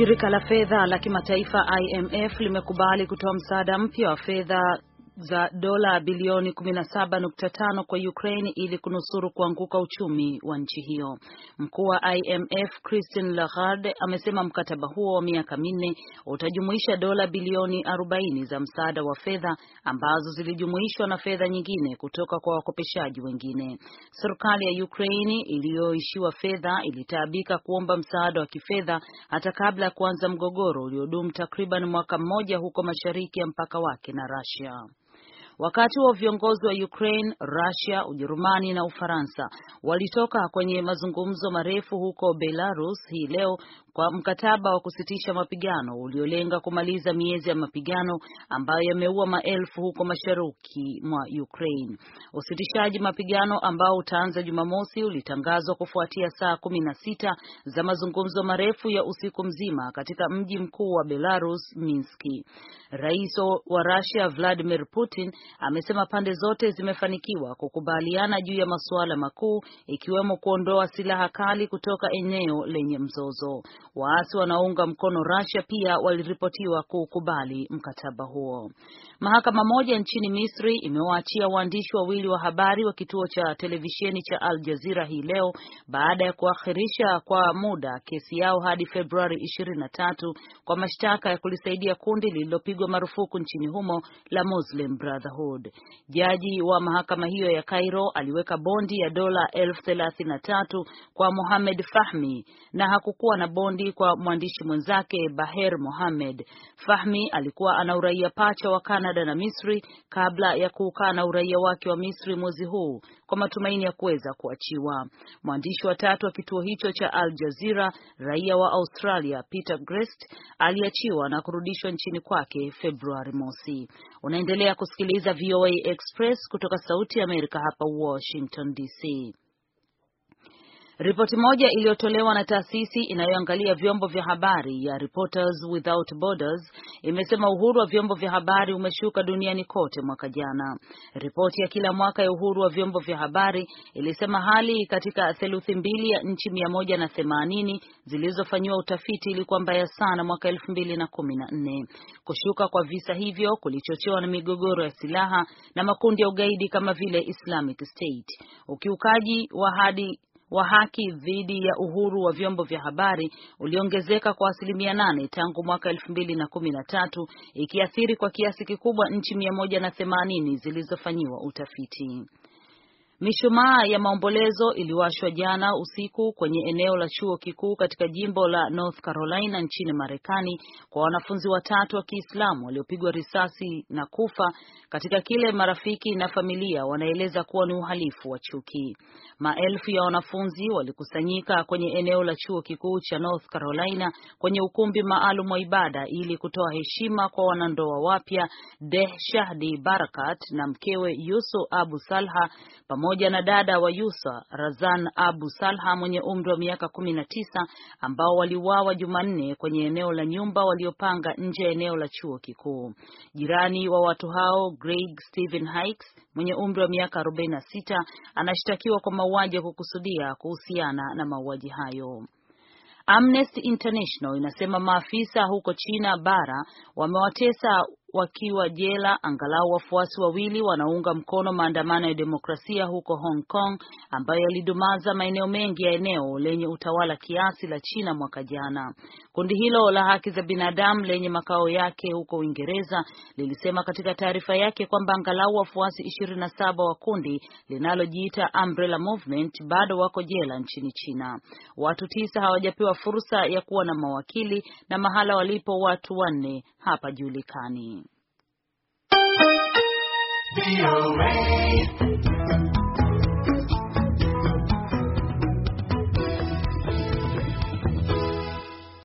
Shirika la fedha la kimataifa IMF limekubali kutoa msaada mpya wa fedha za dola bilioni 17.5 kwa Ukraine ili kunusuru kuanguka uchumi wa nchi hiyo. Mkuu wa IMF Christine Lagarde amesema mkataba huo wa miaka minne utajumuisha dola bilioni 40 za msaada wa fedha ambazo zilijumuishwa na fedha nyingine kutoka kwa wakopeshaji wengine. Serikali ya Ukraine iliyoishiwa fedha ilitaabika kuomba msaada wa kifedha hata kabla ya kuanza mgogoro uliodumu takriban mwaka mmoja huko mashariki ya mpaka wake na Russia. Wakati wa viongozi wa Ukraine, Russia, Ujerumani na Ufaransa walitoka kwenye mazungumzo marefu huko Belarus hii leo kwa mkataba wa kusitisha mapigano uliolenga kumaliza miezi ya mapigano ambayo yameua maelfu huko mashariki mwa Ukraine. Usitishaji mapigano ambao utaanza Jumamosi ulitangazwa kufuatia saa kumi na sita za mazungumzo marefu ya usiku mzima katika mji mkuu wa Belarus, Minski. Rais wa Russia Vladimir Putin amesema pande zote zimefanikiwa kukubaliana juu ya masuala makuu ikiwemo kuondoa silaha kali kutoka eneo lenye mzozo. Waasi wanaounga mkono Russia pia waliripotiwa kukubali mkataba huo. Mahakama moja nchini Misri imewaachia waandishi wawili wa habari wa kituo cha televisheni cha Al Jazeera hii leo baada ya kuakhirisha kwa muda kesi yao hadi Februari 23 kwa mashtaka ya kulisaidia kundi lililopigwa marufuku nchini humo la Muslim Brotherhood. Hood. Jaji wa mahakama hiyo ya Cairo aliweka bondi ya dola elfu thelathini na tatu kwa Mohamed Fahmi na hakukuwa na bondi kwa mwandishi mwenzake Baher Mohamed. Fahmi alikuwa ana uraia pacha wa Kanada na Misri kabla ya na uraia wake wa Misri mwezi huu kwa matumaini ya kuweza kuachiwa. Mwandishi wa tatu wa kituo hicho cha Al Jazeera, raia wa Australia Peter Grest, aliachiwa na kurudishwa nchini kwake Februari mosi. Unaendelea kusikiliza VOA Express kutoka Sauti ya Amerika hapa Washington DC. Ripoti moja iliyotolewa na taasisi inayoangalia vyombo vya habari ya Reporters Without Borders imesema uhuru wa vyombo vya habari umeshuka duniani kote mwaka jana. Ripoti ya kila mwaka ya uhuru wa vyombo vya habari ilisema hali katika theluthi mbili ya nchi mia moja na themanini zilizofanyiwa utafiti ilikuwa mbaya sana mwaka elfu mbili na kumi na nne. Kushuka kwa visa hivyo kulichochewa na migogoro ya silaha na makundi ya ugaidi kama vile Islamic State, ukiukaji wa hadi wa haki dhidi ya uhuru wa vyombo vya habari uliongezeka kwa asilimia nane tangu mwaka elfu mbili na kumi na tatu ikiathiri kwa kiasi kikubwa nchi mia moja na themanini zilizofanyiwa utafiti. Mishumaa ya maombolezo iliwashwa jana usiku kwenye eneo la chuo kikuu katika jimbo la North Carolina nchini Marekani kwa wanafunzi watatu wa Kiislamu waliopigwa risasi na kufa katika kile marafiki na familia wanaeleza kuwa ni uhalifu wa chuki. Maelfu ya wanafunzi walikusanyika kwenye eneo la chuo kikuu cha North Carolina kwenye ukumbi maalum wa ibada ili kutoa heshima kwa wanandoa wapya Deh Shahdi Barakat na mkewe Yusu Abu Salha pamoja pamoja na dada wa Yusa Razan Abu Salha mwenye umri wa miaka kumi na tisa ambao waliuawa Jumanne kwenye eneo la nyumba waliopanga nje ya eneo la chuo kikuu. Jirani wa watu hao Greg Stephen Hikes mwenye umri wa miaka 46 anashtakiwa kwa mauaji ya kukusudia kuhusiana na mauaji hayo. Amnesty International inasema maafisa huko China bara wamewatesa wakiwa jela angalau wafuasi wawili wanaunga mkono maandamano ya demokrasia huko Hong Kong ambayo yalidumaza maeneo mengi ya eneo lenye utawala kiasi la China mwaka jana. Kundi hilo la haki za binadamu lenye makao yake huko Uingereza lilisema katika taarifa yake kwamba angalau wafuasi 27 wa kundi linalojiita Umbrella Movement bado wako jela nchini China. Watu tisa hawajapewa fursa ya kuwa na mawakili na mahala walipo watu wanne hapajulikani. Be away.